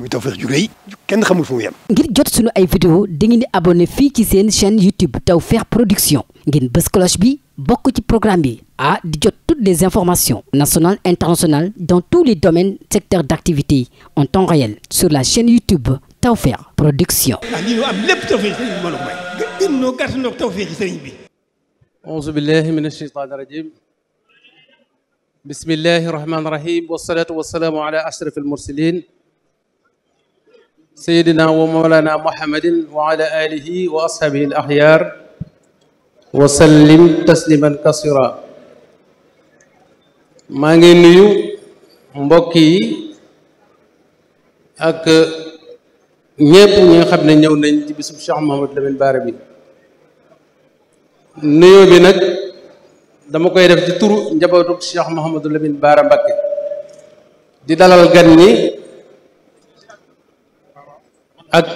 muy Tawfekh ju rëy kenn xamul fu mu yem. ngir jot sunu ay vidéo dangeen di abonné fii ci seen chaîne YouTube Tawfekh Production ngeen bës cloche bi bokk ci programme bi ah di jot toutes les informations nationales internationales dans tous les domaines secteurs d'activité en temps réel sur la chaîne YouTube Tawfekh Production. ah lii ñu am lépp Tawfekh sëriñ bi mbooloo mooy. gën gën ñoo gàtt ñoo Tawfekh sëriñ bi. auzu billahi mina shaytaani rajim. bismillahi rahmaani rahim wasalaatu wasalaamu ala ashrafil mursalin. sayyidina wa mawlana muhammadin wa ala alihi wa ashaabihi al wa sallim tasliman kasira maa ngi nuyu mbokk yi ak ñépp ñi nga xam ne ñëw nañ ci bisub Cheikh Mouhamadou Lamine Bara bi nuyoo bi nag dama koy def ci turu njabootu Cheikh Mouhamadou Lamine Bara Mbacké di dalal gan ñi ak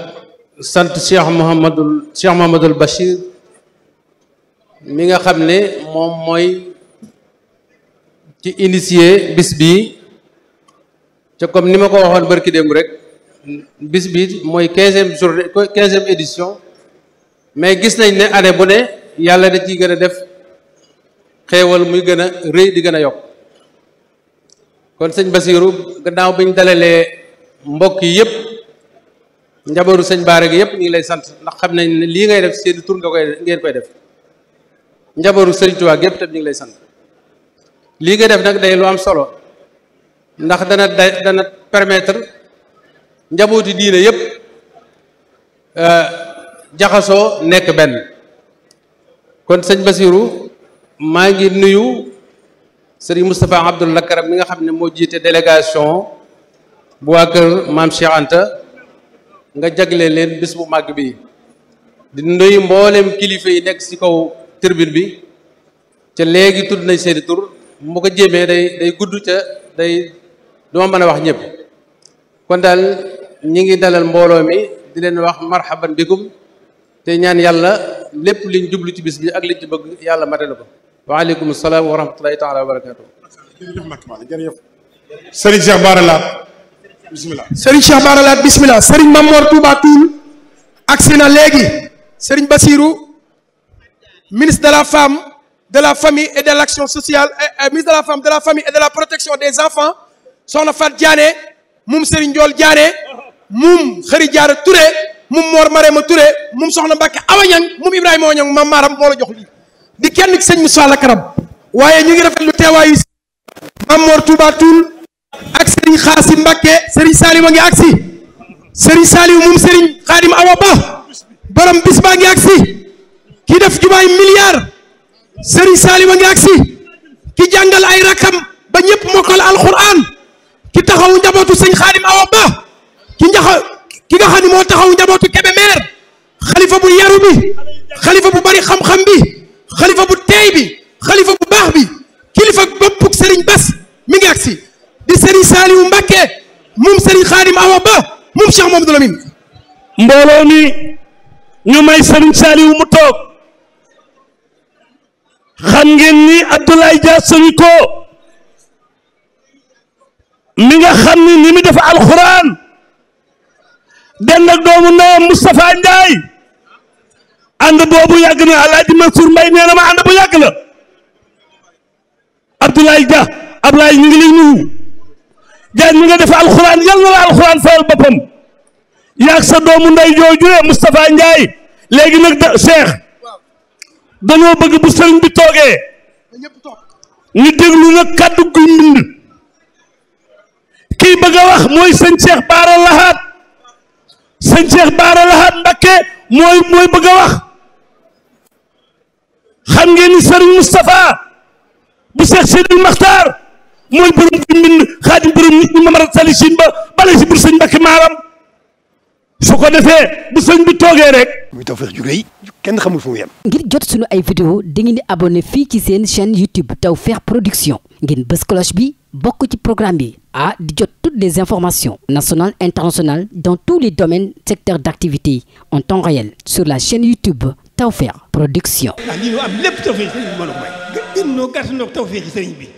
sant sheikh Mouhamadul Cheikh Mouhamadul Bachir mi nga xam ne moom mooy ci initié bis bi ca comme ni ma ko waxoon barki démb rek bis bi mooy quinzième journée quinzième édition mais gis nañ ne année bu ne yàlla da ciy gën a def xewal muy gën a rëy di gën a yokk kon sëñ Basiru gannaaw bi ñu dalalee mbokk yi yëpp njabootu sëñ Baara gi yëpp ñu ngi lay sant ndax xam nañ ne lii ngay def seen tur nga koy ngeen koy def njabaru sëñ Tuubaa yëpp tam ngi lay sant lii nga def nag day lu solo ndax dana dana permettre njabooti diine yëpp euh, jaxasoo nekk benn kon sëñ Basiru maa ngi nuyu sëriñ Moustapha Abdoul Lakram mi nga xam ne moo jiite délégation bu waa kër maam Cheikh nga jagle leen bis bu màgg bi di nuyu mbooleem kilifa yi nekk ci kaw tribune bi ca léegi tudd nañ seeni tur mu ko jéemee day day gudd ca day duma mën a wax ñëpp kon daal ñu ngi dalal mbooloo mi di leen wax marhaban bikum te ñaan yàlla lépp liñ jublu ci bis bi ak li ci bëgg yàlla matale ko waaleykum salaam wa rahmatullahi taala wa barakaatu bisimilah Serigne Cheikh Bara Lahad bisimilah Serigne Mamor Touba Toul agsi na léegi Serigne Bassirou ministre de la femme de la famille et de l'action sociale eh, eh, ministre de la femme de la famille et de la protection des enfants soxna Fat Diané moom Serigne Ndiol Diané moom Xëri Jaara Touré moom Mor Marema Touré moom soxna Mbacke Awa Ñang moom Ibrahima maam Maram moo la jox lii di kenn ci sëñ Moussa Lakaram waaye ñu ngi rafet lu teewaayu Mamor Touba Toul ak Serigne Xaasim Mbakke Serigne Saliou a ngi agsi Serigne Saliou moom Serigne Xaadim Awa Ba borom ngi agsi ki def jumaay milliard Serigne Saliou a ngi agsi ki jàngal ay rakam ba ñëpp mokkal alquran ki taxawu njabootu sëñ Xaadim Awa ki njaxa moo taxawu njabootu Kébémer xalifa bu yaru xalifa bu bari xam-xam bi xalifa bu teey bi xalifa bu baax bi. boo ba moom Cheikh Mamadou Lamine mbooloo mi ñu may Serigne Saliou mu toog xam ngeen ni Abdoulaye Dia Sanico mi nga xam ni ni mu def alxuraan den ak doomu ndeyam Moustapha Ndiaye ànd boobu yàgg na Alaaji Mansour Mbaye nee na ma ànd bu yàgg la Abdoulaye Dia Abdoulaye ñu ngi lay nuyu jaan mi nga defe alxuraan yal na la alxuraan fayal boppam yaag sa doomu nday joojule Moustapha Ndiaye léegi nag da Cheikh dañoo bëgg bu sëriñ bi toogee ñu déglu nag kàddu gu mbind kii bëgg a wax mooy sëñ Cheikh Baara Lahaat sëñ Cheikh Baara Lahaat Mbakke mooy mooy bëgg a wax xam ngeen sëriñ Moustapha bu Cheikh Sidil Maxtaar mooy borom gu mbind xaadim nit ñi mamarat sali sin ba bale si bur sëñ Mbàkke maaram su ko defee bu sëñ bi toogee rek muy Tawfekh ju rëy kenn ngir jot suñu ay vidéo dangeen di abonné fii ci seen chaîne YouTube Tawfekh Production ngeen bës cloche bi bokk ci programme bi ah di jot toutes les informations national internationales dans tous les domaines secteurs d'activité en temps réel sur la chaîne YouTube Tawfekh Production. ah lii